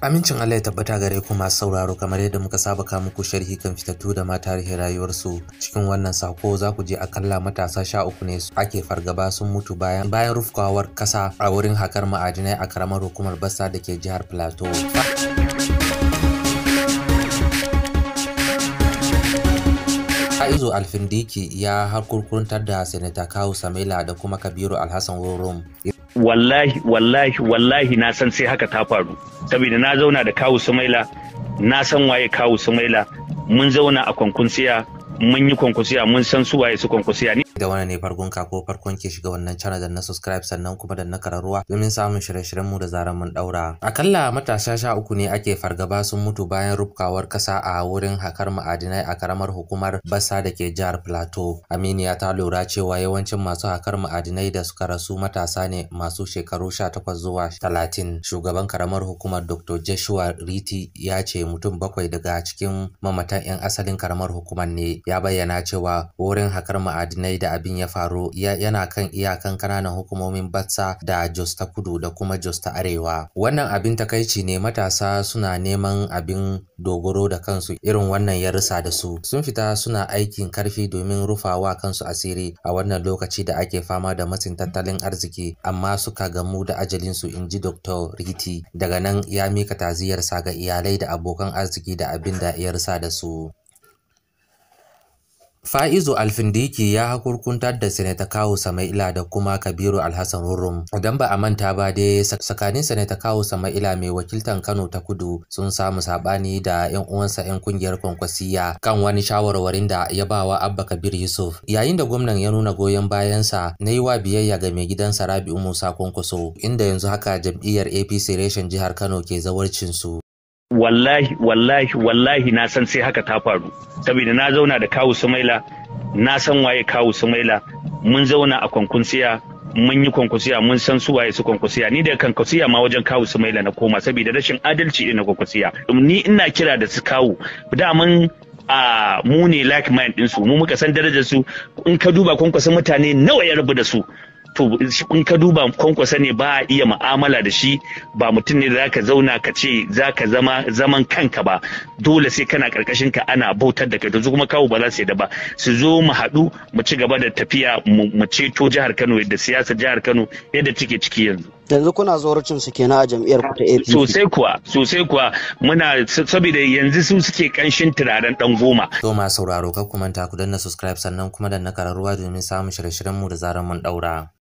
Amincin Allah ya tabbata gare ku masu sauraro kamar yadda muka saba ka muku sharhi kan fitattu da ma tarihin rayuwarsu cikin wannan sako za ku je akalla matasa sha uku ne ake fargaba sun mutu bayan bayan rufkawar kasa a wurin hakar ma'adinai a karamar hukumar Bassa da ke jihar Plateau. Aizu Alfindiki ya harkurkuntar da Senator Kawu Samela da kuma Kabiru Alhassan Wurum wallahi wallahi wallahi na san sai haka ta faru saboda na zauna da kawu sumaila na san waye kawu sumaila mun zauna a kwankunsiya mun yi kwankwasiya mun san su waye su kwankwasiya ne da wani ne farkon ka ko farkon ke shiga wannan channel da na subscribe sannan kuma da na kararruwa domin samun shirye-shiryen mu da zaran mun daura akalla matasa sha uku ne ake fargaba sun mutu bayan rubkawar kasa a wurin hakar ma'adinai a karamar hukumar basa da ke jihar plateau aminiya ta lura cewa yawancin masu hakar ma'adinai da suka rasu matasa ne masu shekaru sha takwas zuwa talatin. shugaban karamar hukumar dr joshua riti ya ce mutum bakwai daga cikin mamatan 'yan asalin karamar hukumar ne ya bayyana cewa wurin hakar ma'adinai da abin ya faru yana kan iyakan kananan hukumomin Batsa da Jos ta Kudu da kuma Jos ta Arewa. Wannan abin takaici ne matasa suna neman abin dogoro da kansu irin wannan ya rusa da su. Sun fita suna aikin karfi domin rufawa kansu asiri a wannan lokaci da ake fama da matsin tattalin arziki amma suka gamu da ajalinsu inji Dr. Riti daga nan ya mika taziyarsa ga iyalai da abokan arziki da abin da ya rusa da su. Fa'izu Alfindiki ya hakurkuntar da Sanata Kawu Sama'ila da kuma Kabiru Alhassan Rurum. Idan ba a manta ba dai tsakanin Sanata Kawu Sama'ila mai wakiltan Kano ta Kudu sun samu sabani da ƴan uwansa ƴan kungiyar Kwankwasiya kan wani shawarwarin da ya ba wa Abba Kabir Yusuf. Yayin da gwamnan ya nuna goyon bayansa na yi wa biyayya ga mai gidansa Rabi'u Musa Kwankwaso inda yanzu haka jam'iyyar APC reshen jihar Kano ke zawarcin su. wallahi wallahi wallahi na san sai haka ta faru saboda na zauna da kawu sumaila na san waye kawu sumaila mun zauna a kwankwasiya mun yi kwankwasiya mun san su waye su kwankwasiya ni da kankwasiya ma wajen kawu Sumaila na koma saboda rashin adalci na kwankwasiya ni ina kira da su kawu da mun a mu ne like mind din su mu muka san darajar su in ka duba kwankwasin mutane nawa ya rabu da su to in ka duba kwankwasa ne ba a iya mu'amala da shi ba mutum ne da zaka zauna ka ce zaka zama zaman kanka ba dole sai kana karkashin ka ana bautar da kai to kuma kawo ba za su da ba su zo mu haɗu mu ci gaba da tafiya mu ceto jihar Kano yadda siyasar jihar Kano yadda take ciki yanzu yanzu kuna zorocin su kenan a jam'iyyar ku ta APC sosai kuwa sosai kuwa muna saboda yanzu su suke kanshin turaren dan goma to ma sauraro ka kuma ta ku danna subscribe sannan kuma danna kararruwa domin samun shirye-shiryen mu da zaran mun daura